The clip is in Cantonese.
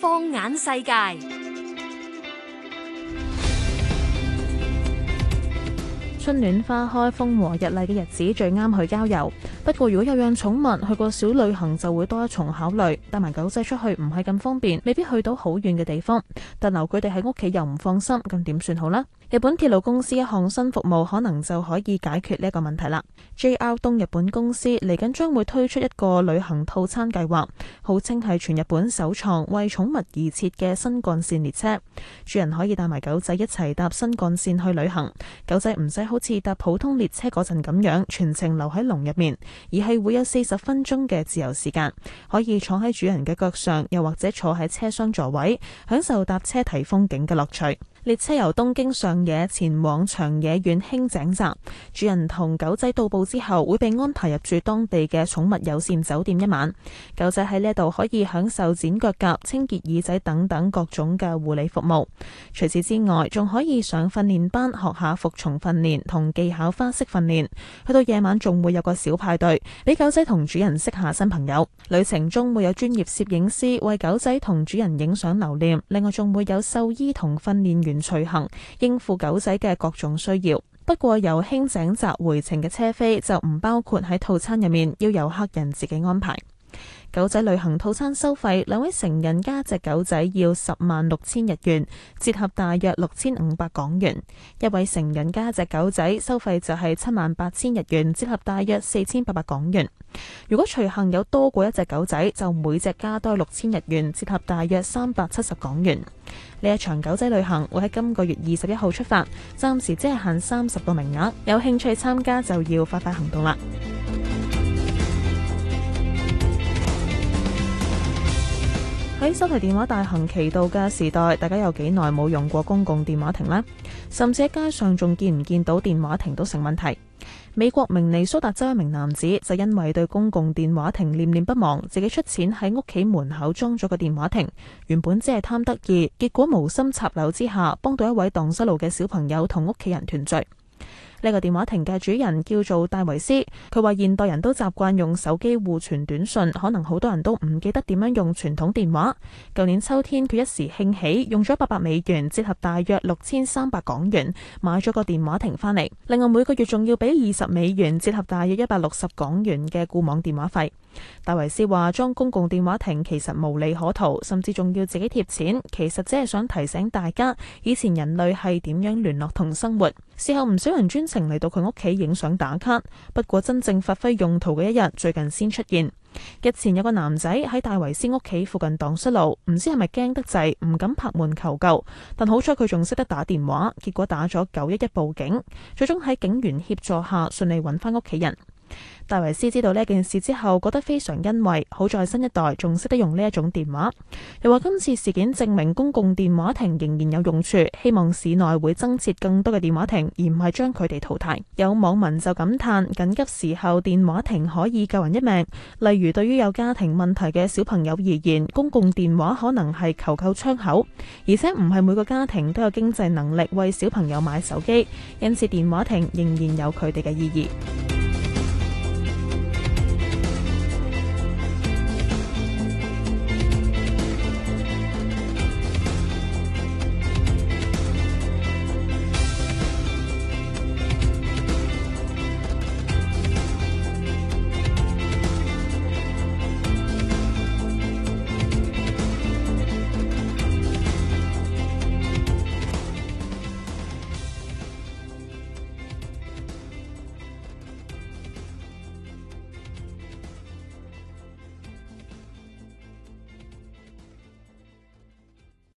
放眼世界，春暖花開、風和日麗嘅日子最啱去郊遊。不過，如果有養寵物，去過小旅行就會多一重考慮。帶埋狗仔出去唔係咁方便，未必去到好遠嘅地方。但留佢哋喺屋企又唔放心，咁點算好呢？日本鐵路公司一項新服務可能就可以解決呢個問題啦。JR 東日本公司嚟緊將會推出一個旅行套餐計劃，號稱係全日本首創為寵物而設嘅新幹線列車。主人可以帶埋狗仔一齊搭新幹線去旅行，狗仔唔使好似搭普通列車嗰陣咁樣全程留喺籠入面，而係會有四十分鐘嘅自由時間，可以坐喺主人嘅腳上，又或者坐喺車廂座位，享受搭車睇風景嘅樂趣。列車由東京上野前往長野縣輕井澤站，主人同狗仔到埗之後，會被安排入住當地嘅寵物友善酒店一晚。狗仔喺呢度可以享受剪腳甲、清潔耳仔等等各種嘅護理服務。除此之外，仲可以上訓練班學下服從訓練同技巧花式訓練。去到夜晚仲會有個小派對，俾狗仔同主人識下新朋友。旅程中會有專業攝影師為狗仔同主人影相留念。另外仲會有獸醫同訓練員。隨行應付狗仔嘅各種需要，不過由輕井澤回程嘅車飛就唔包括喺套餐入面，要由客人自己安排。狗仔旅行套餐收費，兩位成人加隻狗仔要十萬六千日元，折合大約六千五百港元；一位成人加一隻狗仔收費就係七萬八千日元，折合大約四千八百港元。如果隨行有多過一隻狗仔，就每隻加多六千日元，折合大約三百七十港元。呢一場狗仔旅行會喺今個月二十一號出發，暫時只係限三十個名額，有興趣參加就要快快行動啦。喺手提電話大行其道嘅時代，大家有幾耐冇用過公共電話亭呢？甚至喺街上仲見唔見到電話亭都成問題。美國明尼蘇達州一名男子就因為對公共電話亭念念不忘，自己出錢喺屋企門口裝咗個電話亭。原本只係貪得意，結果無心插柳之下，幫到一位蕩失路嘅小朋友同屋企人團聚。呢個電話亭嘅主人叫做戴維斯，佢話現代人都習慣用手機互傳短信，可能好多人都唔記得點樣用傳統電話。舊年秋天佢一時興起，用咗八百美元（折合大約六千三百港元）買咗個電話亭返嚟，另外每個月仲要俾二十美元（折合大約一百六十港元）嘅固網電話費。戴維斯話：裝公共電話亭其實無利可圖，甚至仲要自己貼錢，其實只係想提醒大家以前人類係點樣聯絡同生活。事後唔少人專程嚟到佢屋企影相打卡，不過真正發揮用途嘅一日，最近先出現。日前有個男仔喺戴維斯屋企附近蕩失路，唔知係咪驚得滯，唔敢拍門求救，但好彩佢仲識得打電話，結果打咗九一一報警，最終喺警員協助下順利揾翻屋企人。戴維斯知道呢件事之後，覺得非常欣慰。好在新一代仲識得用呢一種電話，又話今次事件證明公共電話亭仍然有用處。希望市內會增設更多嘅電話亭，而唔係將佢哋淘汰。有網民就感嘆：緊急時候電話亭可以救人一命。例如對於有家庭問題嘅小朋友而言，公共電話可能係求救窗口，而且唔係每個家庭都有經濟能力為小朋友買手機，因此電話亭仍然有佢哋嘅意義。